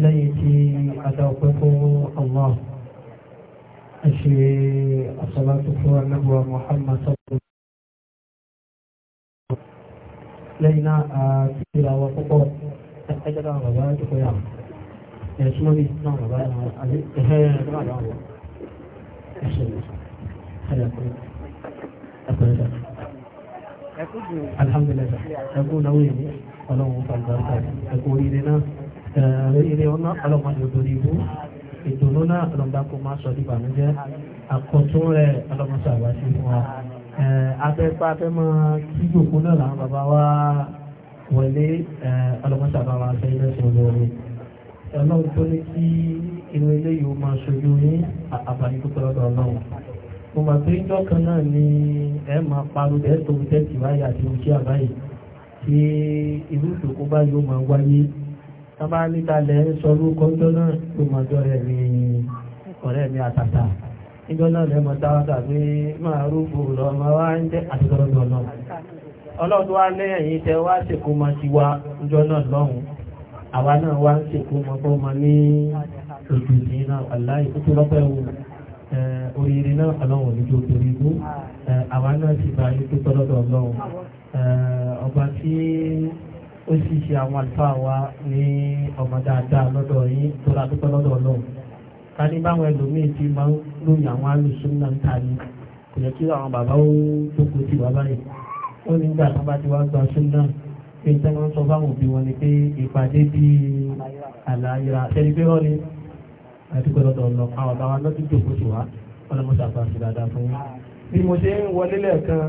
lẹ́yìn tí adá ọpẹ́ fún Allah ṣe àṣàlátò fún anábọ̀ Muhammad sọ́kùn lẹ́yìn náà àti púpọ̀ ẹjọ́dá bàbá jùkọ́ yà ẹ̀ṣùn lórí náà bàbá ẹ̀ṣẹ̀ ẹ̀ṣẹ̀ Alhamdulillah, ẹkùn náà wèé ní ọlọ́run fàgbàtà, ẹkùn orílẹ̀ náà èrè ọ̀nà ọlọ́mọdé òdòdó ibú ìdùnnú náà ọlọ́mọdákò máa sọ ní ìbànújẹ́ àkọ́tún rẹ̀ ọlọ́mọdé àwáṣe fún wa afẹ́fẹ́ afẹ́mọ́ kí jòkó náà làwọn bàbá wa wọlé ọlọ́mọdé àbáwá sẹ́yìn lẹ́sìn olóore ọlọ́run tó ní kí inú ilé yìí máa ṣojú ní àbáyé tó tọ́lọ́dọ̀ ọlọ́run mo mọ̀ pé ìjọ kan náà ni ẹ máa parọ́ ẹ̀ tó ń tẹ́tì wáyé àti ojú àbáyé tí irú ìdòkó báyìí ó máa wáyé tọ́bá nítalẹ̀ ń sọ orúkọ ọjọ́ náà tó mọ ọjọ́ rẹ̀ ní ọ̀rẹ́ mi àtàtà ìjọ náà lẹ́mọ̀ táwọ́tà pé máa rúgbò lọ ma wá ń jẹ́ àtìkọ́rọ̀ ọ̀nà ọlọ́dún wá lẹ́yìn tẹ wá sèkó ma ti wá ìjọ náà lọ́hùn àwa náà wá ń sèkó ma fọ́ ma ní ojú ní náà aláì tó tó lọ́pẹ́ wò oríire náà ọlọ́run ó sì ṣe àwọn àlùfáà wa ní ọmọ dáadáa lọ́dọ̀ yín tó dúpẹ́ lọ́dọ̀ náà ká ní báwọn ẹlòmíì ti máa ń lóyún àwọn alùsùn náà ń ta ni kò yẹ kí àwọn bàbá ó tókò tì wá báyìí ó ní gbà tán bá ti wá gba súnà pé tẹ́ wọ́n sọ fáwọn òbí wọn ni pé ìpàdé bí àlàyé àtẹ́ni pé wọ́n ni àdúgbò lọ́dọ̀ lọ àwọn bàbá lọ́ ti tókò tì wá ọlọ́mọṣàfà sí dáadáa fún yín bí mo ṣe ń wọlé lẹ́ẹ̀kan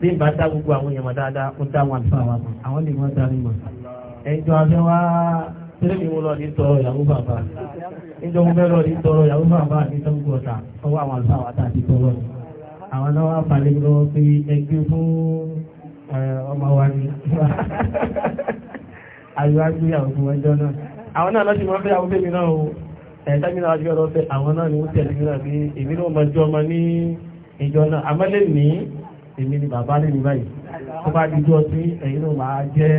bí n bá dá gbogbo àwọn èèyàn dáadáa ó dá wọn àlùfáà wa mọ̀ àwọn lè wọ́n darí mọ̀ ẹjọ́ abẹ́ wá tẹ́lẹ̀ mi mo lọ ní tọrọ ìyàwó bàbá níjọ́ mo mẹ́rọ ní tọrọ ìyàwó bàbá ní tọ́gbù ọ̀tà ọwọ́ àwọn àlùfáà wa tàbí tọrọ àwọn náà wá falẹ̀ lọ pé ẹgbẹ́ fún ọmọ wa ni àyíwá gbé àwọn ọmọ ẹjọ́ náà àwọn náà lọ́sí máa fẹ́ àwọn fẹ́mi náà o ẹ̀ẹ́dámínà àjọ ọ̀rọ̀ fẹ́ àwọn náà ni ó tẹ̀lé náà bí èmi náà jọ ọmọ ní ìjọ náà àmọ́lẹ́ ní èmi ni bàbá lè ní báyìí tó bá dídú ọtí ẹ̀yìn ló máa jẹ́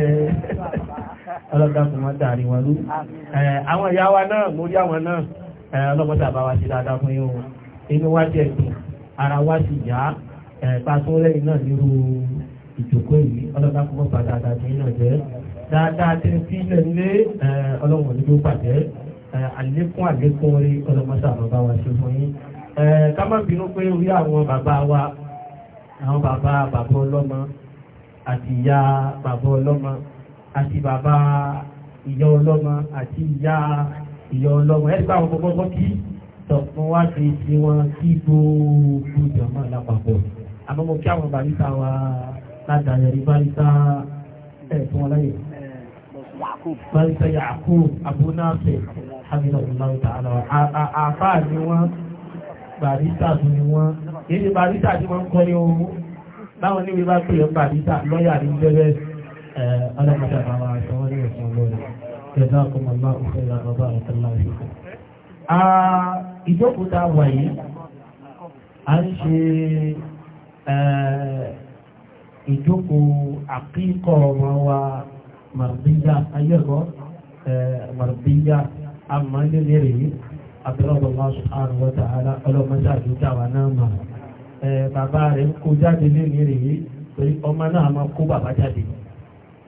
ọlọ́dàkùn máa dàrí wọn rú àwọn ìyá wa náà mo rí àwọn náà ọlọ́mọdé àbáwá ti dáadáa fún yín o inú wa ti ẹ̀sìn ara wa sì yá pàtó lẹ́yìn náà nírú ìjòkó yìí ọlọ́dàkùn mọ́ padà dáadáa yín náà jẹ́ dáadáa tí ń fi ilẹ̀ nílé ọlọ́wọ̀n ló pàdé àlékún àlékún orí ọlọ́mọdé àbáwá ṣe fún yín ká má bínú pé orí àwọn bàbá wa àwọn bàbá bàbá ọlọ́mọ àti ìyá bàbá ọlọ́mọ àti bàbá ìyá ọlọ́mọ àti ìyá ìyá ọlọ́mọ ẹ̀rí bá àwọn gbogbo kí tọ̀pọ̀ wá sí ti wọn kí gbogbo jọ̀mọ́ lápapọ̀ àmọ́ mo kí àwọn bàrísà wa látàrí bàrísà ẹ̀ fún wọn láyè bàrísà Yakub abúnáfẹ́ hamidulayi ta'ala àfáà ni wọ́n bàrísà tún ni wọ́n ìdí barista tí wọ́n ń kọ́ ní owó báwọn níbi bá pè ń barista lọ́yà ní jẹ́rẹ́ ọlọ́mọdé àwọn aṣọ wọn ní ẹ̀sán lórí ẹ̀dá ọkùnrin ọlá òfin ìlànà ọba àtàlà ìṣòkò. ìjókòó tá a a ń ṣe ìjókòó àkíkọ̀ ọmọ wa màrbíyà ayẹ́kọ̀ọ́ màrbíyà àmọ́ nílé rèé allah subhanahu wa ta'ala ọlọ́mọdé àdúgbò àwọn náà mọ̀ bàbá rẹ̀ ń kó jáde lẹ́nu rèé torí ọmọ náà máa kó bàbá jáde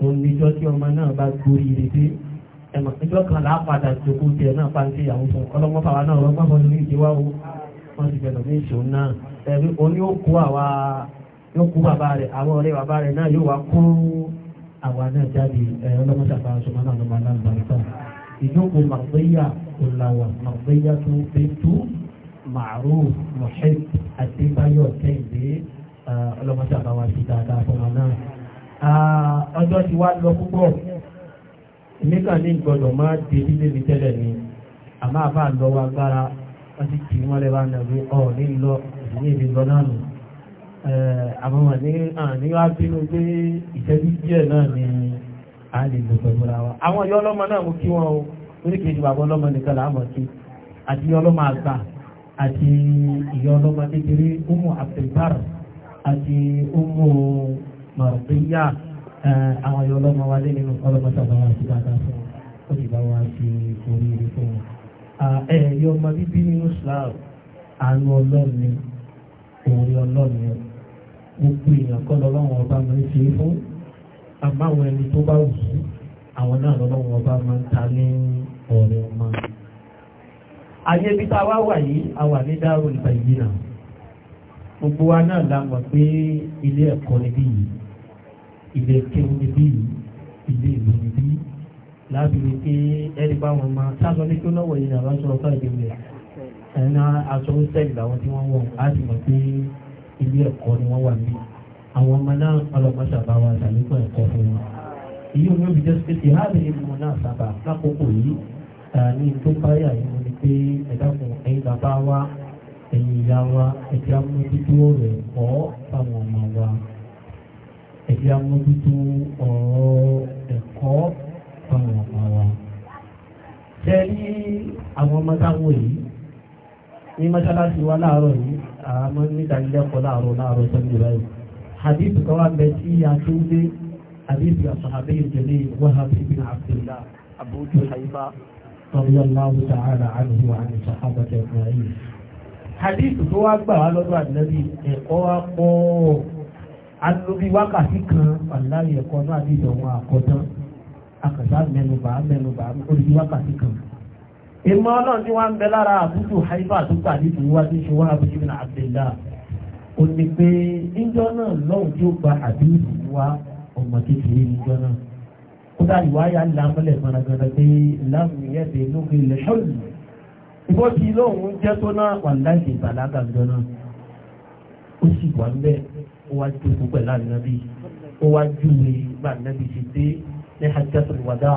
òun níjọ́ tí ọmọ náà bá gbórí rẹ̀ dé ẹ̀mọ̀ ìjọ kan là á padà jókòó tiẹ̀ náà bá ń ṣe ìyàwó fún ọlọ́mọ fàwa náà ọlọ́mọ fọ́n ní ìdíwá o wọ́n ti bẹ̀rẹ̀ ní ìṣòro náà ẹ̀rí oní òkú àwa yóò kú bàbá rẹ̀ àwọn ọ̀rẹ́ bàbá rẹ̀ náà yóò wá kó àwa náà jáde ọlọ́mọ sàfà ṣọmọ náà lọ́mọ náà lọ́mọ ìjókòó màgbéyà kò màgbéyà tó bẹ́ẹ̀ tó Maruf Mohib Adébáyọ̀ Kẹ́hìndé ọlọ́mọdé àbáwá sí dáadáa fọmọ náà. ọjọ́ ti wá lọ púpọ̀ èmi kàn ní gbọ́dọ̀ máa dé nílé mi tẹ́lẹ̀ ni àmọ́ àbá lọ wá gbára wọ́n ti kì í mọ́lẹ̀ bá nàbí ọ̀ ní lọ ìdílé mi lọ náà nù. àmọ́ wọn ní àní wá bínú pé ìṣẹ́jú díẹ̀ náà ni a lè lò pẹ̀lú ra wa. àwọn ìyá ọlọ́mọ náà mú kí wọn o oríkèéjì bàbá ọlọ́mọ nìkan làá mọ̀ sí àti ọlọ́mọ àgbà àti ìyá ọlọ́mọ kékeré umu abdulbar àti umu marbiya àwọn ìyá ọlọ́mọ wa lé nínú ọlọ́mọ sábà wá sí dáadáa fún wọn ó sì bá wá sí oríire fún wọn. ẹ̀ẹ́dì ọmọ bíbí nínú Islam àánú ọlọ́ọ̀ni òun ọlọ́ọ̀ni gbogbo èèyàn kọ́ lọ́wọ́ ọba máa ń ṣe é fún àmọ́ àwọn ẹni tó bá wù sí àwọn náà lọ́wọ́ ọba máa ń ta ní ọ̀rẹ́ ọmọ ayé bí tá a wá wà yìí a wà ní Darul Bayyina gbogbo wa náà la mọ̀ pé ilé ẹ̀kọ́ níbí yìí ilé kéwú níbí yìí ilé ìlú níbí láti rí pé ẹni bá wọn máa sáàsọ ní kílọ́wọ̀ yìí làwọn sọ ọ̀fà ìdí rẹ̀ ẹ̀ná aṣọ ń sẹ́yìn làwọn tí wọ́n wọ̀ á sì mọ̀ pé ilé ẹ̀kọ́ ni wọ́n wà níbí àwọn ọmọ náà ọlọ́mọṣà bá wa ṣàlékún ẹ̀kọ́ fún wọn. èyí ò ní tó báyà yìí ni pé ẹ̀dàkùn ẹ̀yin bàbá wa ẹ̀yin ìyá wa ẹ̀jẹ̀ amójútó rẹ̀ kọ́ fáwọn ọmọ wa ẹ̀jẹ̀ amójútó ọ̀rọ̀ ẹ̀kọ́ fáwọn ọmọ wa. ṣe ní àwọn ọmọ táwọn yìí ní mọ́ṣáláṣí wa láàárọ̀ yìí àmọ́ níta ilé ẹ̀kọ́ láàárọ̀ láàárọ̀ sọ́jú báyìí. hadith kan wà bẹ tí a tún dé hadith àfàhàbẹ́yìn jẹ́lé wàhábí bin Abdullah Abu Juhayfa رضي الله تعالى عنه وعن الصحابة أجمعين hadith tó wá gbà wá lọ́dọ̀ ànábì ẹ̀kọ́ wa pọ̀ anubi wákàtí kan aláyẹ̀ ẹ̀kọ́ náà ní ìdánwò àkọ́tán akàtà mẹ́nubà mẹ́nubà orí wákàtí kan. ìmọ̀ ọlọ́run tí wọ́n ń bẹ lára àbújù haifa tó gbà ní ìlú wájú ṣe wá àbújù ní abdullah ó ní pé níjọ́ náà lọ́hùn tí ó gba àbí ìlú wa ọmọ kékeré níjọ́ náà kódà ìwáyà lámúlẹ̀ fanagbẹ̀rẹ̀ pé lámúyẹ́dẹ̀ lókè lẹ́ṣọ́lù ìbọn ti lóhun jẹ́ tó náà wà láìsí ìbàlágà jọ náà ó sì wà ń bẹ́ ó wá ju gbogbo ẹ̀ láàrin nábì ó wá júwe gbà nábì ṣe dé ní hajjatul wada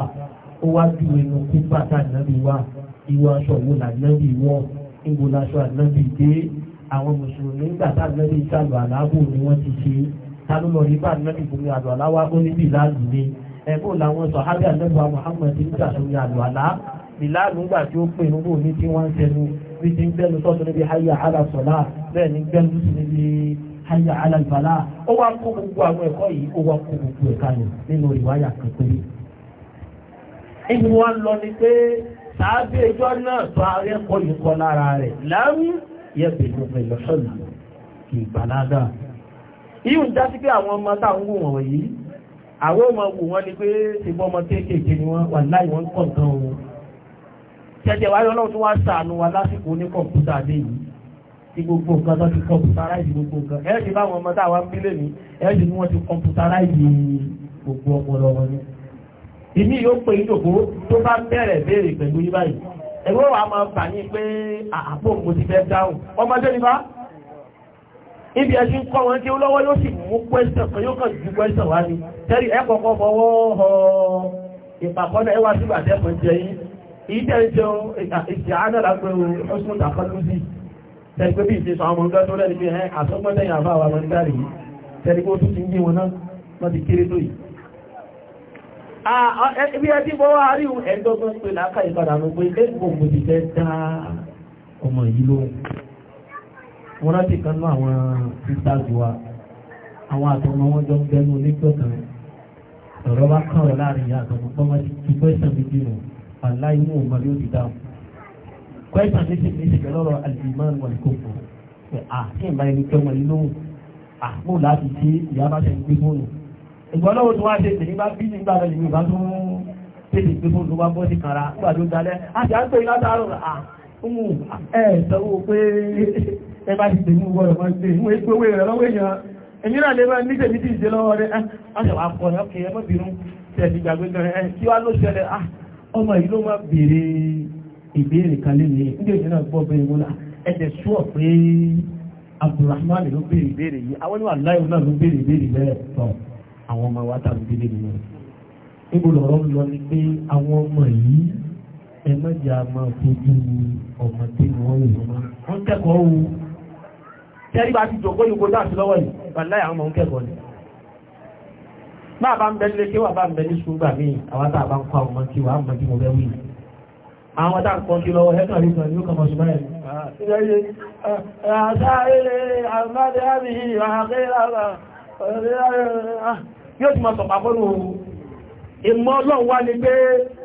ó wá júwe nu kú bàtà nábì wà ìwọ aṣọ wo là nábì wọ ìwọ aṣọ nábì dé àwọn mùsùlùmí gbà tá nábì sálù àlábò ni wọ́n ti ṣe ta bá nábì ẹ̀bùn làwọn sọ̀hábí àlẹ́bùwà Muhammad ń gbà sórí àlùwàlá ìlànà ìgbà tí ó pè nígbò ní tí wọ́n ń tẹnu bí ti ń gbẹ́nu sọ́tù níbi hayya ala sọ̀lá bẹ́ẹ̀ ni gbẹ́nu sí níbi hayya ala ìbàlá ó wá kó gbogbo àwọn ẹ̀kọ́ yìí ó wá kó gbogbo ẹ̀ka lò nínú ìwáyà kan péré. ibi wọn lọ ni pé sàábì ẹjọ́ náà sọ ààrẹ kọ́ yìí kọ́ lára rẹ̀ láàmú yẹ pẹ̀lú pẹ̀lú sọ̀lá kì í gbàlágà. ìyún àwọn ọmọ wò wọ́n ni pé ṣègbọ́ ọmọ kéékèèké ni wọ́n wà láì wọ́n kọ̀ gan o ṣẹ̀ṣẹ̀ wáyé ọlọ́run tó wá ṣàánú wa lásìkò ní kọ̀ǹpútà dé yìí tí gbogbo nǹkan tó ti kọ̀ǹpútaráìsì gbogbo nǹkan ẹ̀ ṣe báwọn ọmọ táwa ń bílẹ̀ ní ẹ̀ ṣe ni wọ́n ti kọ̀ǹpútaráìsì gbogbo ọpọlọ wọn ni. ìmí yóò pé ìjòkó tó bá bẹ̀rẹ̀ béèrè pẹ̀lú yí báyìí ẹ̀rọ wa máa ń bà ní pé àpò mo ti fẹ́ dáhùn ọmọdé ni bá ibi ẹ̀sìn kọ́ wọn tí ó lọ́wọ́ yóò sì mú question kan yóò kàn ju question wá ní tẹ́rì ẹ kọ́kọ́ fọwọ́ họ ìpàkọ́nà ẹwà sígbà tẹ́kọ̀ọ́ jẹ yín ìdẹ́ jẹun ìsìn àádọ́ lápẹ́ ọ̀ṣun tàkọ́lùsì tẹ́gbẹ́ bí ìṣe sọ àwọn ọmọ tó lẹ́nu bí ẹn àsọ́gbọ́dẹ̀ yàrá àwọn ọmọ nígbà rèé tẹ́gbẹ́ ó tún ti ń gbé wọn náà wọ́n ti kéré tó yìí. ibi ẹtí bọ́wọ́ àríwú ẹ̀ẹ́dọ́gbọ́n pé láàkà ìpadà ló pé lẹ́gbọ̀n mo ti fẹ́ dá ọmọ yìí lóhùn mo rántí kan náà àwọn sisters wa àwọn àtọmọ wọn jọ ń gbẹnu onígbọ kan ọ̀rọ̀ bá kàn ọ̀rọ̀ láàrin ìyá àtọmọ pọ́nmọ́ ti pẹ́sàn mi bí wọn àlá inú òmà yóò ti dáhùn pẹ́sàn mi sì fi ṣègbè lọ́rọ̀ alìmọ́n wọn kò fún pé à kí n bá ẹni pẹ́ wọn lóhùn à mò láti ṣe ìyá bá ṣe ń gbé fóònù ìgbọ́n lọ́wọ́ tí wọ́n á ṣe tèmi pé ẹbá ti tèmú gbọ́rọ̀ máa gbé ìwé gbówó rẹ̀ lọ́wọ́ èèyàn èmi náà lè máa ní tèmi tí ìṣe lọ́wọ́ rẹ̀ ọkẹ̀ gan kí wá ló ṣẹlẹ̀ ah, ọmọ yìí ló máa ìbéèrè kan lé mi náà gbọ́ bẹ́ẹ̀ wọn ah, ẹ̀jẹ̀ pé Abdulrahman ló ìbéèrè yìí àwọn láì náà ló ìbéèrè bẹ́ẹ̀ tọ̀ àwọn ọmọ wa tàbí délé níbo lọ ni pé àwọn ọmọ yìí ẹ fojú tẹ́rí bá ti jòkó yóò dáàtì lọ́wọ́ yìí pàdé àwọn ọmọ ń kẹ́kọ̀ọ́ ni bá ń bẹ nílé kí wà bá ń bẹ ní ṣùgbà mí àwọn tàà bá ń kọ́ àwọn kí wà á mọ̀ kí mo bẹ́ wí àwọn tàà ń kọ́ kí lọ́wọ́ ẹ̀kàn rí kan ní ó kàn mọ̀ ṣùgbọ́n ẹ̀ yóò ti mọ̀ sọ̀pàá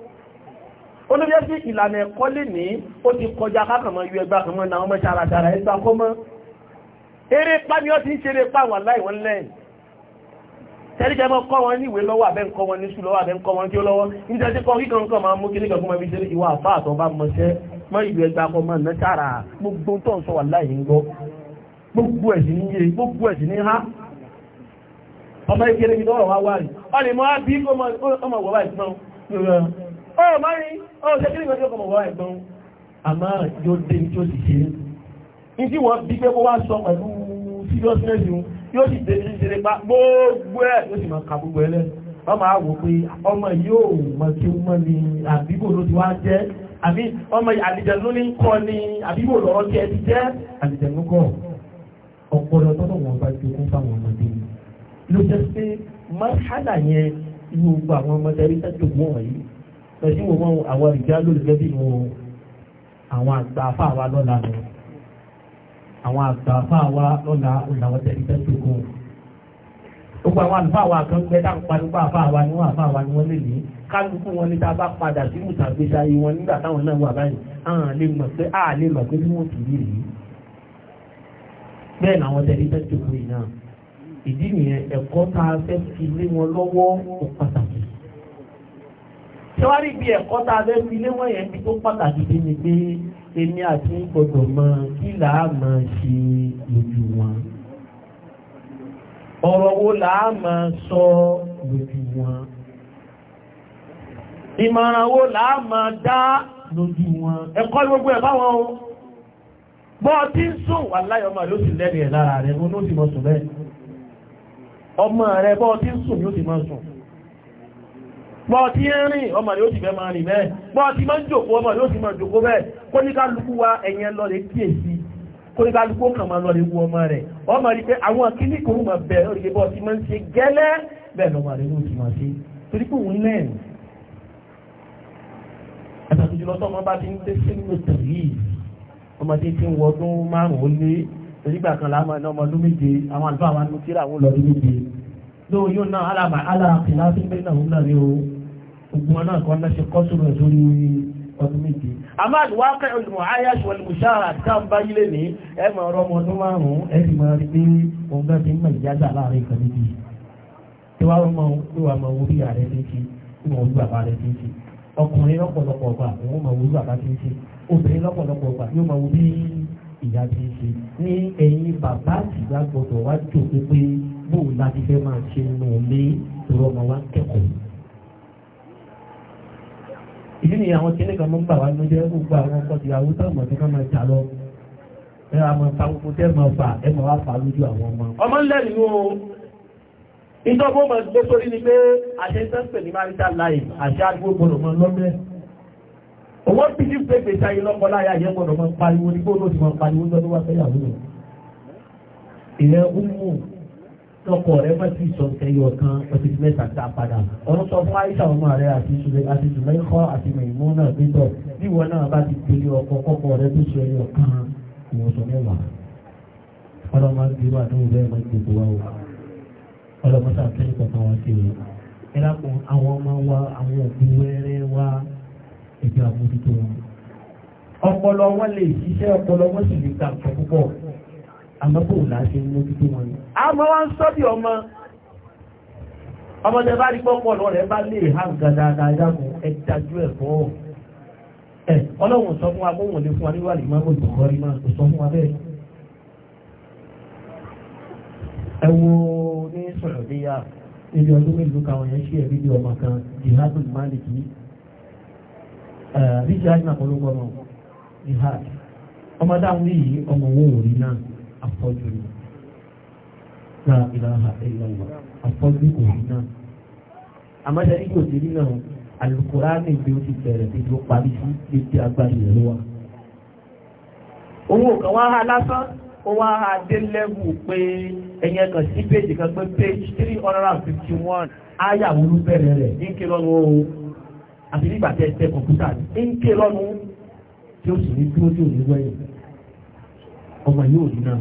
olóyè sí ìlànà ẹ̀kọ́ lè ní ó ti kọjá kákànmọ́ yú ẹgbà kan mọ́ náà ọmọ ṣàràṣàrà ẹgbà kọ́ mọ́ eré pa ni ó ti ń ṣeré pa wà láì wọ́n lẹ́yìn tẹ́lẹ̀kẹ́ mọ́ kọ́ wọn ní ìwé lọ́wọ́ àbẹ́ ńkọ́ wọn ní ṣù lọ́wọ́ àbẹ́ ńkọ́ wọn kí ó lọ́wọ́ nítorí kọ́ kíkan nǹkan máa mú kíní kankan máa fi ṣeré ìwà àbá àtọ́ bá mọṣẹ́ mọ́ ìlú ẹgbà kan mọ́ náà ṣàrà gbogbo tó ń sọ wà láì ń gbọ́ gbogbo ẹ̀sìn ní yé gbogbo ẹ̀sìn ní há ọmọ ìkéré mi lọ́wọ́ wá wá rí ọ lè mọ́ á bí ọmọ wọ̀ wá ìsìn náà ọ mọ́rin ọ ṣe kí ní ìgbẹ́jọ́ kọmọ̀ wọ́n ẹ̀gbọ́n àmá yóò dé ní tí ó sì ṣe é ní tí wọ́n bí pé kó wá sọ pẹ̀lú seriousness yóò sì dé ní ṣeré pa gbogbo ẹ̀ yóò sì máa ka gbogbo ẹ̀ lẹ́ wọ́n máa wò pé ọmọ yóò mọ kí ó mọ́ ni àbígbò ló ti wá jẹ́ àbí ọmọ àlìjẹ̀lú ní kọ́ ni àbígbò lọ́rọ́ jẹ́ ti jẹ́ àlìjẹ̀lú kọ́ ọpọlọ tọ́tọ̀ wọn bá ti kún fáwọn ọmọdé ló jẹ́ pé mọ́ṣálà yẹn gbogbo àwọn ọmọdé rí sẹ́jọ́ wọ̀nyí pẹ̀sí wo wọn àwọn ìjà lórílẹ̀ bí wo àwọn àgbàfà wa lọ́la lọ àwọn àgbàfà wa lọ́la làwọn tẹ̀lé tẹ́ tó kó gbogbo àwọn àlùfáà wa kan gbẹ dáhùn pariwo àfáà wa ni wọn àfáà wa ni wọn lè ní kálukú wọn ní tá a bá padà sí mùtàgbéṣà yìí wọn nígbà táwọn náà wà báyìí àwọn lè mọ̀ pé a lè mọ̀ pé bí wọ́n ti rí rèé bẹ́ẹ̀ làwọn tẹ̀lé tẹ́ tó kó yìí náà ìdí nìyẹn ẹ̀kọ́ tá a fẹ́ fi lé wọn lọ́wọ́ pàtàkì ṣe wá rí bí ẹ̀kọ́ tá a fẹ́ fi léwọ́n yẹn ti tó pàtàkì bí ni pé èmi àti gbọdọ̀ mọ kí làá máa ṣe lójú wọn ọ̀rọ̀ wo làá máa sọ lójú wọn ìmọ̀ràn wo làá máa dá lójú wọn ẹ̀kọ́ gbogbo ẹ̀ báwọn o bọ́ ọtí ń sùn wà láyọ̀ ọmọ rẹ̀ ó sì lẹ́rìí ẹ̀ lára rẹ̀ ó ní ó sì mọ̀ sùn bẹ́ẹ̀ ọmọ rẹ̀ bọ́ ọtí ń sùn yóò sì mọ̀ sùn pọ̀ tí ń rìn ọmọ rẹ̀ ó ti fẹ́ máa rìn bẹ́ẹ̀ pọ̀ tí máa ń jòkó ọmọ rẹ̀ ó ti máa jòkó bẹ́ẹ̀ kó ní kálukú wa ẹ̀yẹn lọ rẹ̀ kíyèsí kó ní kálukú kàn máa lọ rẹ̀ wú ọmọ rẹ̀ ọmọ rí pé àwọn kíní kò rú máa bẹ̀ lórí bọ́ tí máa ń ṣe gẹ́lẹ́ bẹ́ẹ̀ lọ́mọ rẹ̀ ó ti máa ṣe torí pé òun náà ẹ̀sàtò jùlọ tó ọmọ bá ti ń dé sínú tẹ̀lé ọmọdé ti ń wọdún márùn-ún lé onígbà kan láàmú ẹ̀nà ọmọ ọdún méje àwọn àlùfáà wa ní tíra àwọn olùdó méje lóòyún náà alàmà alàkìlá tó ń náà ń lọ rí o gbogbo wọn náà kan náà ṣe kọ́sùrù ẹ̀ sórí ọdún méje àmọ́ àdúwá pẹ́ olùmọ̀ ayaṣu olùmọ̀ṣára tá ń bá yílé ní ẹ mọ̀ ọ̀rọ̀ ọmọ ọdún márùn-ún ẹ sì mọ̀ rí pé òun bẹ́ẹ̀ ti ń mọ̀ ìyáza láàrin ìkan méjì tí wàá mọ̀ ló wà mọ̀ orí ààrẹ ti ń ṣe tí wọ́n orí bàbá rẹ̀ ti ń ọkùnrin lọ́pọ̀lọpọ̀ ọgbà òun mọ̀ orí bàbá ti ń obìnrin lọ́pọ̀lọpọ̀ ọgbà yóò mọ̀ orí ìyá ti ń ní ẹ̀yìn bàbá àtìgbà gbọdọ̀ wá pé bóun láti fẹ́ máa ṣe nù lé ìrọ̀mọ̀ wá kẹ́kọ̀ọ́ ìdí ni àwọn kìnnì kan mọ́ ń bà wá ló jẹ́ gbogbo àwọn ọkọ̀ ìyàwó tọ́mọ̀ tí wọ́n máa jà lọ ẹ àmọ́ ta gbogbo tẹ́ máa fà ẹ máa wá fà lójú àwọn ọmọ ọmọ ńlẹ́rìí o ìjọ bó mọ̀ gbé sórí ni pé àṣẹ sẹ́ńpẹ̀ ní marital life àṣẹ àdúgbò gbọdọ̀ mọ́ lọ́mẹ́ owó tí kí pé pèsè ayé lọ́kọ láyà yẹn gbọdọ̀ mọ́ pariwo ní gbọdọ̀ ti mọ́ pariwo lọ́dún wá fẹ́yàwó rẹ̀ ìyẹn ń mú lọ́kọ̀ rẹ̀ bá ti sọ ẹyọ kan ọtí ti mẹ́ta dá padà ọ̀rọ̀ sọ fún Aisha ọmọ rẹ̀ àti sùlẹ̀ àti sùlẹ̀ kọ́ àti mẹ̀mú náà gbẹ́dọ̀ bí ìwọ náà bá ti tẹ̀lé ọkọ̀ kọ́kọ́ rẹ̀ tó sọ ẹyọ kan ìwọ sọ mẹ́wàá. ọlọ́mọ máa ń gbé wà lóhùn bẹ́ẹ̀ gbogbo wa o ọlọ́mọ sàkẹ́yìn kankan wá sí i ẹ lákun àwọn ọmọ wa àwọn òbí wẹ́rẹ́ wa ẹ̀jẹ̀ àmójútó wọn. ọpọlọ wọn lè ṣiṣẹ́ ọpọlọ wọn sì lè ta púpọ̀ àmọ́kò láti mójútó wọn ni. a mọ́ wá ń sọ́bí ọmọ ọmọdé bá rí pọ́pọ̀ lọ rẹ̀ bá lè ha nǹkan dáadáa dákun ẹ dájú ẹ̀ fọ́ ẹ ọlọ́run sọ fún wa kó wọ́n lè fún wa níwà lè máa bòjú kọ́ rí máa kò sọ fún wa bẹ́ẹ̀. ẹ wo ní sọ̀rọ̀déyà níbi ọdún mélòó kan wọ̀nyẹn ṣí ẹ̀rí bí ọmọ kan jihadul maliki ríjì àjùmọ̀ polówó ọmọ jihad ọmọdé àwọn yìí ọmọ wọn ò rí náà afọ́jú ni náà ìlànà ìlànà afọ́jú kò rí náà àmọ́ṣẹ́ ní kò sí rí náà alukurani bí ó ti bẹ̀rẹ̀ bí ó parí sí ibi agbára ìlú wa. owó kan wá ha lásán ó wá ha dé lẹ́wù pé ẹ̀yẹ kan sí péjì kan pé page three hundred and fifty one ayàwó ló bẹ̀rẹ̀ rẹ̀ ní ké lọ́nu o àti nígbà tẹ́ tẹ kọ̀ǹpútà ní ké lọ́nu tí ó sì ní dúró tí ò ní wẹ́yìn ọmọ yóò rí náà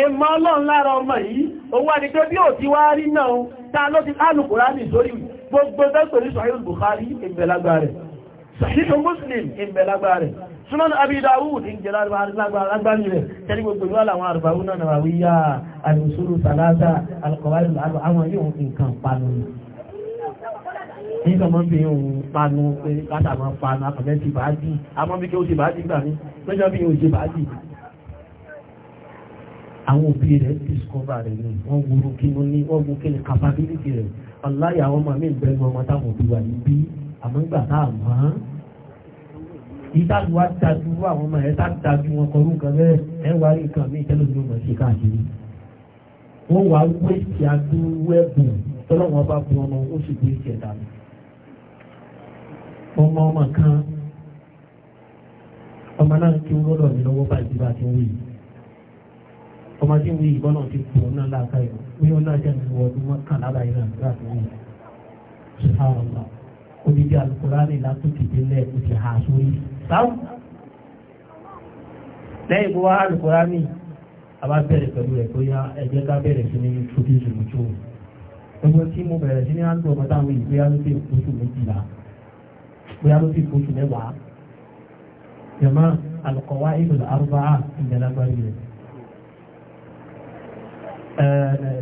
ẹmọ ọlọ́run lára ọmọ yìí owó àdìgbé bí ò ti wá rí náà ta ló ti alùkùrá ní sórí gbogbo tẹ́sọ̀ ní Sahih Bukhari ìbẹ̀lágbà rẹ̀ Sahih Muslim ìbẹ̀lágbà rẹ̀ Sunan Abi Dawud ìjẹlágbàrí rẹ̀ tẹ́lí gbogbo ìlú àwọn àrùbáwú náà wà wí yá àlùsúrù sàlátà alùkọ̀wárí àwọn yóò nǹkan panu ní kọmọ bí òun panu pé látàmọ́ panu akọ̀mẹ́ ti bàájì àmọ́ bí kí ó ti bàájì gbà ní lọ́jọ́ bí ó ti bàájì àwọn òbí rẹ̀ discover rẹ̀ ni wọ́n wúro kí ló ní wọ́n wo kí ni capability rẹ̀ ọláyà àwọn ọmọ mi ń bẹ̀rù ọmọ táwọn òbí wà níbí àmọ́ ìgbà tá a mọ̀ án ìdájú wa dájú àwọn ọmọ ẹ̀ tá a dájú wọn kọrú nǹkan bẹ́ẹ̀ ẹ̀ wá rí nǹkan mí tẹ́lẹ̀ ló mọ̀ sí káàkiri wọ́n wá wéèkì adúrú ẹ̀bùn tọ́lọ́wọ́n bá bu ọmọ ó sì wéèkì ẹ̀dá ọmọ ọmọ kan ọmọ náà kí ó lọ́dọ̀ mi lọ́wọ́ báyìí bá ti ń wí yìí ọmọ tí wí ìbọn náà ti kúrò náà láàká ìwọ̀n bí ó lájẹ́ ní ọdún mọ́kànlá láì náà nígbà tó wù ṣùgbọ́n odidi alukurani látòkè délẹ̀ kò ti hà sórí sáwù lẹ́yìn bó wá alukurani a bá bẹ̀rẹ̀ pẹ̀lú rẹ̀ tó yá ẹ̀jẹ̀ ká bẹ̀rẹ̀ sí ní ṣojú ìṣòwòjò ẹgbẹ́ tí mo bẹ̀rẹ̀ sí ní àńdù ọmọ táwọn ìlú bóyá ló ti oṣù méjìlá bóyá ló ti oṣù mẹ́wàá jẹ̀mọ́ alukọ̀wá ìlú àrùbá ìdẹ́lágbárí rẹ̀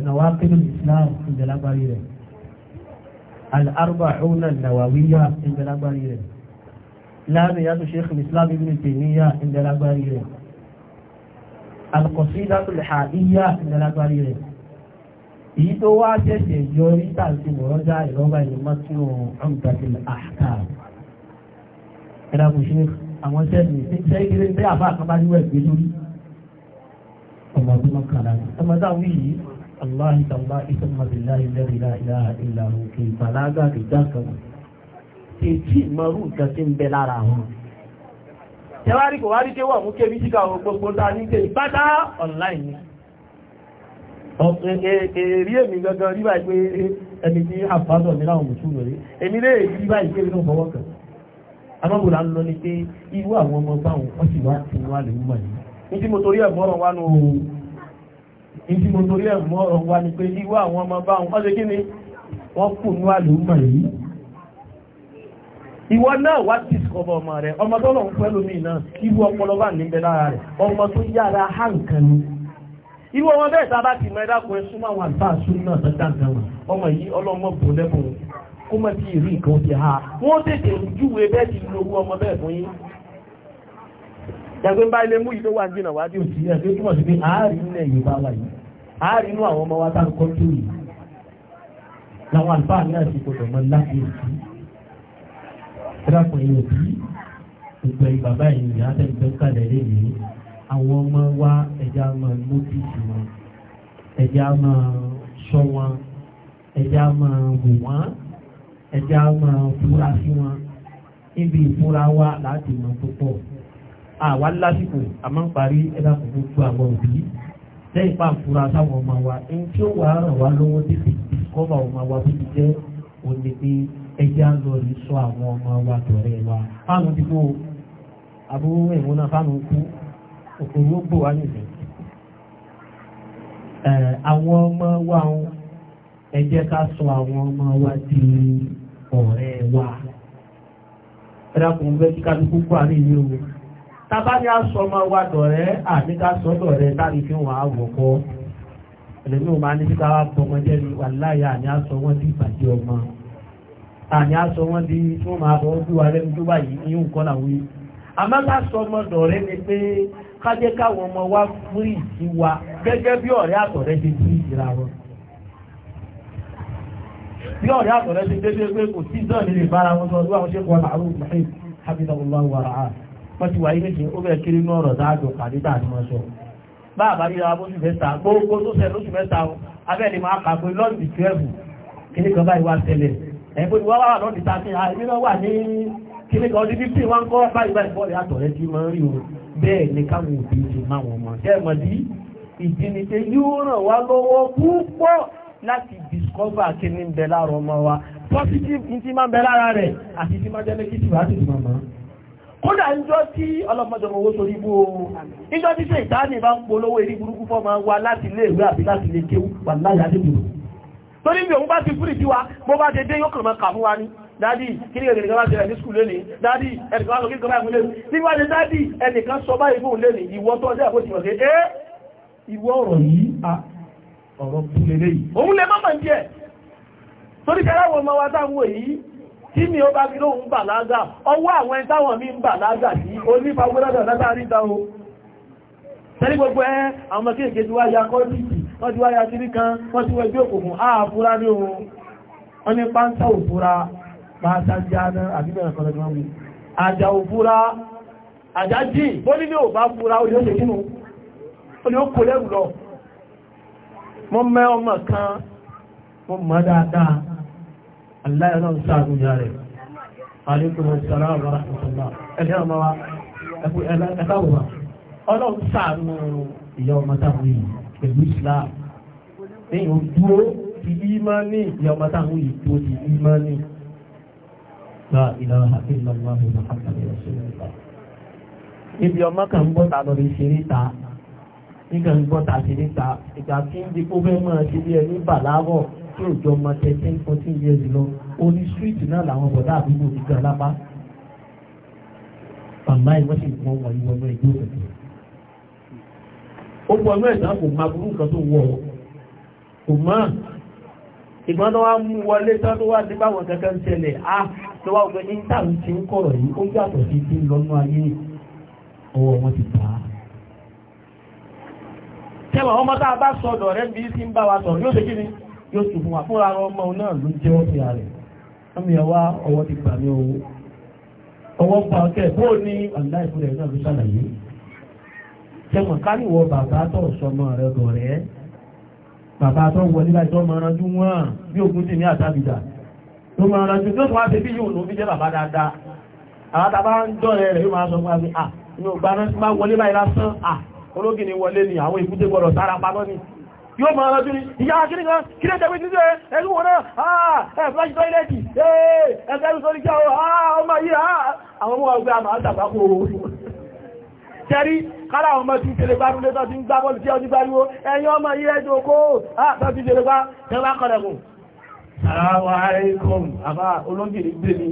nàwákìlù islam ìjẹlágbárí rẹ̀ al-arba'una nàwàwíyà ìjẹlágbárí rẹ̀ láàrin yàtọ̀ sheikh islam ibn tèmíyà ìjẹlágbárí rẹ̀ al-qasidatul hadiyya ìjẹlágbárí rẹ̀ èyí tó wá ṣẹ̀ṣẹ̀ yọ níta àti mọ̀rọ́jà ìrọ́bà ìlúmọ́ tí wọ́n ń tàbí àkà ẹ̀dàkùn sheikh àwọn sẹ́ẹ̀dì sẹ́ẹ̀dì pé àbá àkàbájú ẹ̀ gbé lórí ọmọ ọdún mọ́kànlá ọmọ dáwọ́ yìí aláhi tàbá ìsọmọbìlá ìlẹ́rìíra ìlàhà ìlàhùn kì í bàlágà kì í dákan kì í tí ìmọ̀rú nǹkan tí ń bẹ lára wọn. tẹ́wárí kò wárí kéwọ̀ mú kébi síkà àwọn gbogbo tá a ní kébi bátá online ni. èrí èmi gangan rí báyìí pé ẹni tí àfáàdọ̀ mi láwọn mùsùlùmí rẹ̀ èmi lè rí báyìí kébi náà fọwọ́ kàn. amábòlá ń lọ ni pé irú àwọn ọmọ báwọn wọ́n ìdí mo torí ẹ̀mọ́rọ̀ wá ní pé irú àwọn ọmọ bá wọn ṣe kí ni wọ́n kù ní àlùmọ̀ yìí ìwọ náà wá tí ìsìkọ̀bọ̀ ọmọ rẹ̀ ọmọ tó lọ́n pẹ́ lómi náà irú ọpọlọ bá níbẹ̀ lára rẹ̀ ọmọ tó yára há ni irú ọmọ bẹ́ẹ̀ tá ti mọ ẹ̀dá kan súnmọ́ àwọn àlùfáà sún náà tó dáǹkan wọn ọmọ yìí ọlọ́mọ bò lẹ́bùn kó mọ̀ sí ìrí nǹkan ti ha wọ́n tètè júwe bẹ́ẹ̀ ti lo ọmọ bẹ́ẹ̀ fún yín jẹ́gbé bá ilé mú ìtò wà ń jìnà wájú òsì ẹgbẹ́ túnmọ̀ sí pé ààrin ilẹ̀ yìí bá wà yìí ààrin inú àwọn ọmọ wa tá ń kọ́ tó yìí làwọn àlùfáà náà ti kò tọ̀mọ́ láti òsì ẹ̀dàpọ̀ ẹ̀yìn òbí gbogbo ẹ̀yìn bàbá ẹ̀yìn ìyá tẹ̀gbẹ́ kalẹ̀ lẹ́yìn àwọn ọmọ wa ẹ̀já máa mójútì wọn ẹ̀já máa sọ wọn ẹ̀já máa wò wọn ẹ̀já máa fúra sí wọn níbi ìfúra wa láti mọ púpọ̀ àwa lásìkò àmọ́ ń parí ẹ̀dá kò tó tu àwọn òbí lẹ́yìn pa àfúrà sáwọn ọmọ wa ẹni tí ó wàá ràn wá lọ́wọ́ tètè kọ́ba ọmọ wa tó ti jẹ́ òní pé ẹjẹ́ á lọ rí sọ àwọn ọmọ wa tọ̀rẹ́ wa fáànù ti kó àbúrò ìmúná fáànù kú òkòrò ó gbò wá nìyẹn àwọn ọmọ wa ń ẹ jẹ́ ká sọ àwọn ọmọ wa di ọ̀rẹ́ wa ẹ bẹ́ẹ̀ kí kálukú kó àárín yìí o tàbá ní asọ́mọ wa dọ̀rẹ́ àníká sọ dọ̀rẹ́ tàbí fi wọn àwọ̀kọ́ ẹlẹ́mí o máa ní síta wá pọ̀ wọn jẹ́rìí wà láyé àní asọ wọn di ìbàjẹ́ ọmọ àní asọ wọn di tí wọ́n máa bọ́ ojú wa lẹ́nu tó báyìí ní nǹkan làwọn yìí àmọ́ ká sọ ọmọ dọ̀rẹ́ ni pé ká jẹ́ káwọn ọmọ wa fúrì sí wa gẹ́gẹ́ bí ọ̀rẹ́ àtọ̀rẹ́ ṣe sí ìlera wọn bí ọ̀rẹ́ àtọ̀rẹ́ ṣe dédé pé kò wọ́n ti wà yí méjì ó bẹ̀rẹ̀ kiri inú ọ̀rọ̀ dáadọ̀ pàdé tààdì mọ́ sọ bá àbárí ra bóṣù mẹ́ta gbogbo tó sẹ lóṣù mẹ́ta o abẹ́ẹ̀lì máa kà pé lọ́ọ̀dì twelve kíní kan báyìí wá tẹ́lẹ̀ ẹ̀yìn bó ti wá wà lọ́ọ̀dì tààtì àìmí náà wà ní kíní kan ọdún fífì wọn kọ́ báyìí báyìí bọ́ọ̀lì àtọ̀rẹ́ ti máa ń rí o bẹ́ẹ̀ ni káwọn òbí ti máa wọn mọ̀ tẹ́ẹ̀mọ̀ dí ìdínite yóò ràn wá lọ́wọ́ púpọ̀ láti discover kíní ń bẹ lára ọmọ wa positive ní ti máa ń bẹ lára rẹ̀ àti ti máa jẹ́ méjì tìwá àti kódà ìjọ tí ọlọ́mọdọ̀mọ̀ owó sórí bú ooo ìjọ tí ṣe ìtàní bá ń polówó èrí burúkú fọ́mọ wa láti ilé ìwé àti láti ilé kéwú wà láyé adébùrú torí bí òun bá ti fúrì tiwa bó bá dédé yóò kàn máa kà fún wa ní dádì kí ni ẹnìkan bá ṣe ẹni skul lónìí ní dádì ẹnìkan sọ báyìí a ọ̀rọ̀ kú lélẹ́yìí òun lè má mọ̀ ní tí mi ó bá fi lóhun bàlágà ọwọ́ àwọn ẹni mi ń bàlágà sí onífàwọ́lọ́dọ̀ látàríta o tẹ́lí gbogbo ẹ́ àwọn kéèkéé tí wáyá kọ́lìtì wọ́n ti wáyá kiri kan wọ́n ti wẹ́gbẹ́ òkùnkùn ààfúra ní ohun wọ́n ní páńtà òfúra máa aláìlọ́ ń sáàrù ìyá rẹ̀ alaikum salaam wa rahmatullah ẹ̀lẹ́ ọmọ wa ẹ̀kú ẹ̀láwọ̀ wa ọlọ́run sáàrù ìyá ọmọ táwọn yìí pẹ̀lú islam ní ìdúró ti ìmánì ìyá ọmọ táwọn yìí tó ti ìmánì la ilaha illallah muhammadur rasulullah ibi ọmọ kan ń bọ́ta lọ rí ṣeré ta nígbà ń bọ́ta ṣeré ta ìgbà tí ń di kó fẹ́ mọ́ ṣe bí ẹni bà láàbọ̀ tí ò jọ ọmọ thirteen fourteen years lọ oní street náà làwọn bọ̀dá àdúgbò ti gbà lápá bàbá yìí wọ́n sì mọ wọn yìí wọnú ẹgbẹ́ òkùnkùn. ó wọnú ẹ̀dá kò máa burú nǹkan tó wọ̀ ọ́ kò mọ́ ìgbọ́n tó wá mú wọlé tán tó wá nípa àwọn kankan ṣẹlẹ̀ á tó wá gbé níta ń ti ń kọ̀rọ̀ yìí ó yàtọ̀ sí ti ń lọ́nú ayé ọwọ́ wọn ti bá a. tẹ́wọ̀n ọmọ tá a bá sọ̀dọ̀ rẹ́ bí sí ń bá wa sọ̀rọ̀ yóò ṣe kí ni yóò tún fún wa fúnra ọmọ náà ló jẹ́ ọ̀sẹ̀ rẹ̀ ọmọ yẹn wá ọwọ́ ti gbà mí o ọwọ́ pa ọkẹ́ bó ní ọ̀dá ìfúnra ẹ̀ náà ló ṣàlàyé tẹmọ̀ káníwọ̀ bàbá tó sọmọ rẹ̀ dọ̀ rẹ̀ bàbá tó wọlé láì tó máa ranjú wọn bí ogun sì ní àtàbìdà tó máa ranjú tó máa ṣe bí yóò lò fi jẹ́ bàbá dáadáa àwọn tàbá ń dọ̀rẹ́ rẹ̀ yóò máa sọ fún wa pé à ní ògbà náà ti máa wọlé báyìí lásán à ológin ni wọlé ni àwọn ìkúté gbọdọ̀ sára pamọ́ ni yóò máa lọ jírí ìyá kiri kan kiri tẹ̀wé ti sẹ́ ẹgbẹ́ wọn náà àà ẹ̀fẹ́ṣì tọ́ilẹ̀tì ẹ̀ẹ́fẹ́ṣì sọ́rí jẹ́ ọmọ yìí ah. àwọn ọmọ ọgbẹ́ àmà àtàgbà tẹ́rí kára ọmọ tí ìṣẹ̀lẹ̀ bá rúlé tó ń gbá bọ́ọ̀lù tí ọdún gbáríwó ẹ̀yìn ọmọ yìí ẹjọ́ kó àtọ́ ah, ti ìṣẹ̀lẹ̀ bá tẹ́wà kọ̀rẹ̀kùn àwọn ààrẹ́kùn àbá olóńgbèrè gbé ní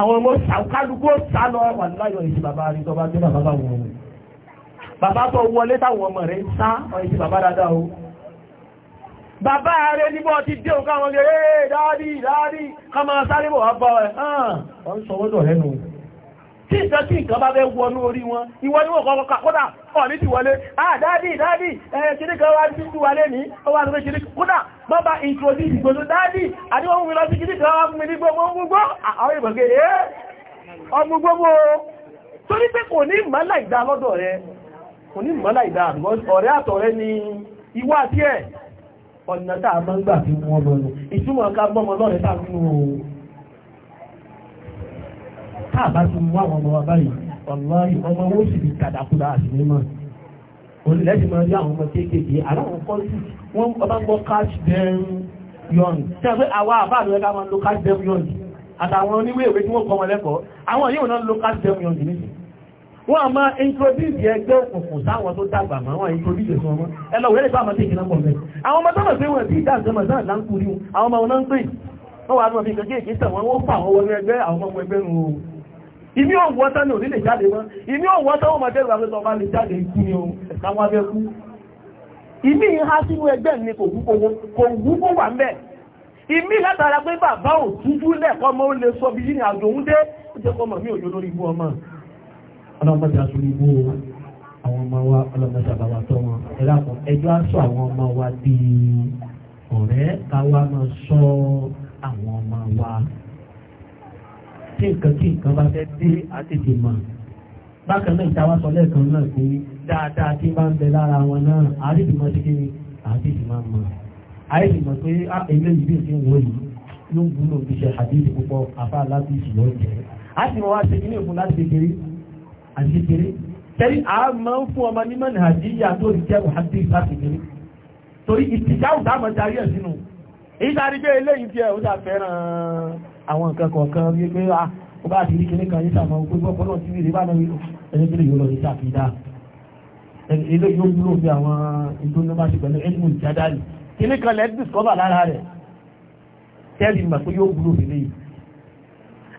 àwọn ọmọ sàkálùkó sálọ wà láyọ̀ bàbá rí tọ́ bá gbé bàbá wọn bàbá tó wọlé táwọn ọmọ rẹ̀ sá ọ̀yẹ́ bàbá rẹ̀ níbọ̀ ti dé òkà wọn lè rẹ̀ dáadì dáadì ká máa sáré bọ̀ àbá ẹ̀ ọ̀n sọwọ́dọ̀ lẹ́nu tí ìkan tí ìkan bá bẹ́ wọnú orí wọn ìwọ ni wọ́n kọ́ kọ́dà ọ̀ ní ti wọlé ah dáadì dáadì ẹ̀ kìníkà wá sí ti wà lẹ́ni ó wà lọ́pẹ́ kìníkà kódà bàbá ìtòdí ìgbòdó dáadì àdíwọ̀n mi lọ sí kìníkà wá fún mi ní gbogbo gbogbo àwọn ìbọ̀gẹ́ ẹ́ ọmọ gbogbo torí pé kò ní ìmọ̀lá ìdá lọ́dọ̀ rẹ kò ní ìmọ̀lá ìdá ọ̀rẹ́ àtọ̀rẹ́ ni ìwà àti ẹ̀ ọ̀nà tá a máa ń gbà fi wọn lọ nù ìtumọ̀ ká gbọ́mọ lọ́rẹ̀ tá a fún o tá a bá ti mú àwọn ọmọ wa báyìí ọ̀láyì ọmọ owó sì fi kàdàkùdà àti mímọ́ olùlẹ́sì máa àwọn ọmọ kéékèèké aláwọn kọ́ young tẹ́ pé àwa àbáàlú ẹ̀ká máa ń lo cash dem young àtàwọn oníwèé ìwé tí wọ́n kọ́ young wọ́n a máa introduce ẹgbẹ́ òkùnkùn sáwọn tó dàgbà máa wọ́n introduce ẹ̀sùn ọmọ ẹlọ́wọ́ ẹ̀lẹ́gbà máa tèkì náà pọ̀ mẹ́ àwọn ọmọ tọ́nà pé wọ́n ti dáǹsẹ́ máa sáà láńkú rí wọn àwọn ọmọ náà ń pè wọ́n wà náà bí ìgbẹ́ kéèké sẹ̀wọ̀n wọ́n fà wọ́n wọnú ẹgbẹ́ àwọn ọmọ ẹgbẹ́ nù ìmí òwú ọtá ní òní lè jáde mọ́ ìmí òwú ọtá wọn máa dẹ́rù àwọn ọmọ lè jáde ikú ni ohun ẹ̀ka wọn abẹ́ kú ìmí ìhá sínú ẹgbẹ́ ni kò wú kò wú kó wà ń bẹ̀ ìmí látara pé bàbá òtújú lẹ̀kọ́ mọ́ ó lè sọ bí yìí ni àjò ń dé ó jẹ́ kọ́ mọ̀ mí òjò lórí ibú ọmọ ọlọ́mọdé aṣojú àwọn ọmọ wa ọlọ́mọdé àbáwá tọ́ wọn ẹ̀rọ àpọ̀ ẹjọ́ aṣọ àwọn ọmọ wa di ọ̀rẹ́ káwa máa sọ àwọn ọmọ wa tí nǹkan tí nǹkan bá fẹ́ dé àtètè mọ̀ bákan náà ìta wá sọ lẹ́ẹ̀kan náà pé dáadáa tí bá ń bẹ lára wọn náà àrídì mọ́ sí kiri àrídì máa mọ̀ àrídì mọ̀ pé ilé ìbí ìdí ìwò yìí ló ń gúnlò fi ṣe àdéhùn púpọ̀ afá láti ìṣìlọ́jẹ́ àti àti kékeré tẹ́lí a máa ń fún ọmọ ní mọ́nà àdíyà tó rí jẹ́ wàhálì láti torí ìtìjáwù táwọn darí ẹ̀ sínú èyí eléyìí tiẹ̀ ó ṣàfẹ́ràn àwọn nǹkan kọ̀ọ̀kan bí pé ah, ó bá ti rí kan yín sàmọ́ pé gbọ́pọ̀ náà ti rí bá náà ẹni tó lọ ní sàfihàn eléyìí ó wúlò bí àwọn ìdóná bá ṣe pẹ̀lú ẹni mú ìjádálì kan lẹ́ discover lára rẹ̀ tẹ́lì mà pé yóò wúlò eléyìí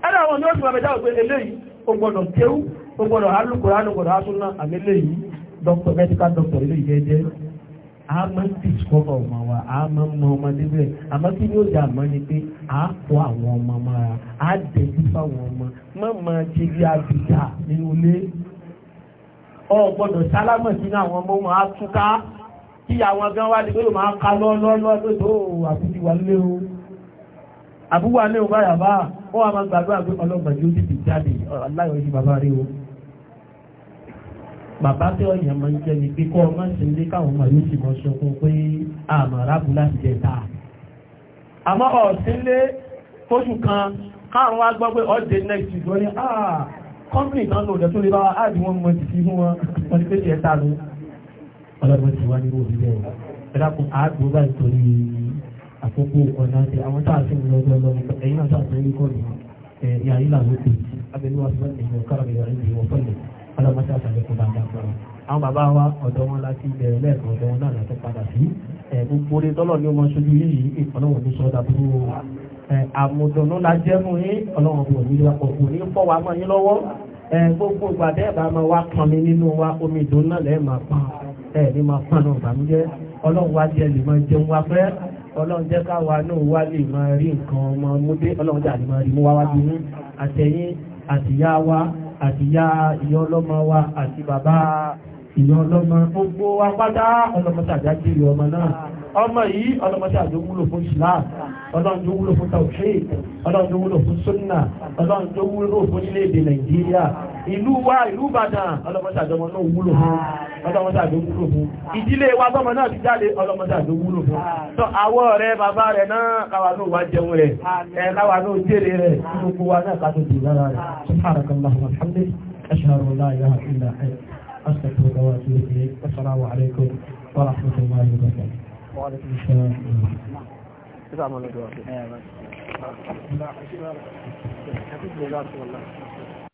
ẹ̀rọ àwọn ni ó ti òpin eléyìí ó gbọ́dọ̀ kéwú ó gbọ́dọ̀ alukùránù gbọ́dọ̀ asúnà àmẹ́lẹ̀ yìí dọ́kítọ̀ medical doctor ilé ìjẹ́ jẹ́ a máa discover ọmọ wa a máa ń mọ ọmọdé bẹ́ẹ̀ àmọ́ kí ni ó dà mọ́ ni pé a kọ́ àwọn ọmọ mọ́ra a dẹ̀bí fáwọn ọmọ má máa ṣe bí abìjà nínú ilé ọ gbọ́dọ̀ sálámọ̀ sínú àwọn ọmọ wọn á túká kí àwọn gan wá ní pé yóò máa ka lọ́ọ́lọ́ọ́lọ́ tó àbújá wà lé o àbúwà lé o báyà bá wọn a máa gbàdúrà pé ọlọ́gbàdúrà ti jáde aláyọ̀ yìí bàbá rí o bàbá tí ọ̀yàn máa ń jẹ́ ni pé kọ́ ọmọ sí ilé káwọn ọmọ yóò sì mọ sọkún pé àmọ́ arábù láti jẹ ta àmọ́ ọ̀sílé tóṣù kan káàrùn wá gbọ́ pé ọ̀dẹ̀ next week wọ́n ní àà ah, company náà lòdẹ̀ tó lè bá wá áàdì wọn mọ̀ títí fún wọn wọ́n ti pé ti ẹ̀ta lọ ọlọ́dún ti wá ní òbí bẹ́ẹ̀ ẹ̀dàkùn àádùn báyìí torí àkókò ọ̀nà àti àwọn tá a ti ń ọlọ́mọṣẹ́ àtàlẹ́kùn bá dá fún wọn àwọn bàbá wa ọ̀dọ̀ wọn láti bẹ̀rẹ̀ lẹ́ẹ̀kan ọ̀dọ̀ wọn náà láti padà sí gbogbo orí tọ́lọ̀ ní ọmọ ṣojú yìí ìfọ̀nàwọ̀n ní sọ́dà búrú àmùdùnú la jẹ́mú yín ọlọ́run kò ní ọkọ̀ ní fọ́ wa mọ́ yín lọ́wọ́ gbogbo ìgbà bẹ́ẹ̀ bá máa wá kan mi nínú wa omi ìdùnnú náà lẹ́ẹ̀ máa pọn ẹ̀ ní máa pọn náà bàmújẹ́ ọlọ́run wá jẹ́ lè máa jẹun wá fẹ́ ọlọ́run jẹ́ káwa náà wá lè máa rí nǹkan ọmọ múdé ọlọ́run jà lè máa rí mú wá wá bí yín àtẹ̀yìn àtìyá wa àti ya ìyá ọlọ́mọ wa àti bàbá ìyá ọlọ́mọ gbogbo wa ọlọ́mọta àjájé ọmọ náà ọmọ yìí ọlọ́mọta àjọ wúlò fún Islam ọlọ́njọ́ wúlò fún tauhid ọlọ́njọ́ wúlò fún sunna ọlọ́njọ́ wúlò fún ilé-èdè Nàìjíríà ìlú wa ìlú Ìbàdàn ọlọ́mọdé àjọmọ náà wúlò fún ọlọ́mọdé àjọ wúlò fún ìdílé wa tọ́mọ náà ti jáde ọlọ́mọdé àjọ wúlò fún tọ́ àwọ̀ rẹ̀ bàbá rẹ̀ náà káwa náà wá jẹun rẹ̀ ẹ̀ káwa náà jèrè rẹ̀ gbogbo wa náà kàtó dì lára rẹ̀ subhanakallahumma wa bihamdik ashhadu an la ilaha illa anta astaghfiruka wa atubu ilayk assalamu alaykum wa rahmatullahi wa barakatuh wa alaykum assalam Ìgbàmọ̀lẹ́gbẹ̀rẹ̀. Ẹ̀rọ. Ìgbàmọ̀lẹ́gbẹ̀rẹ̀.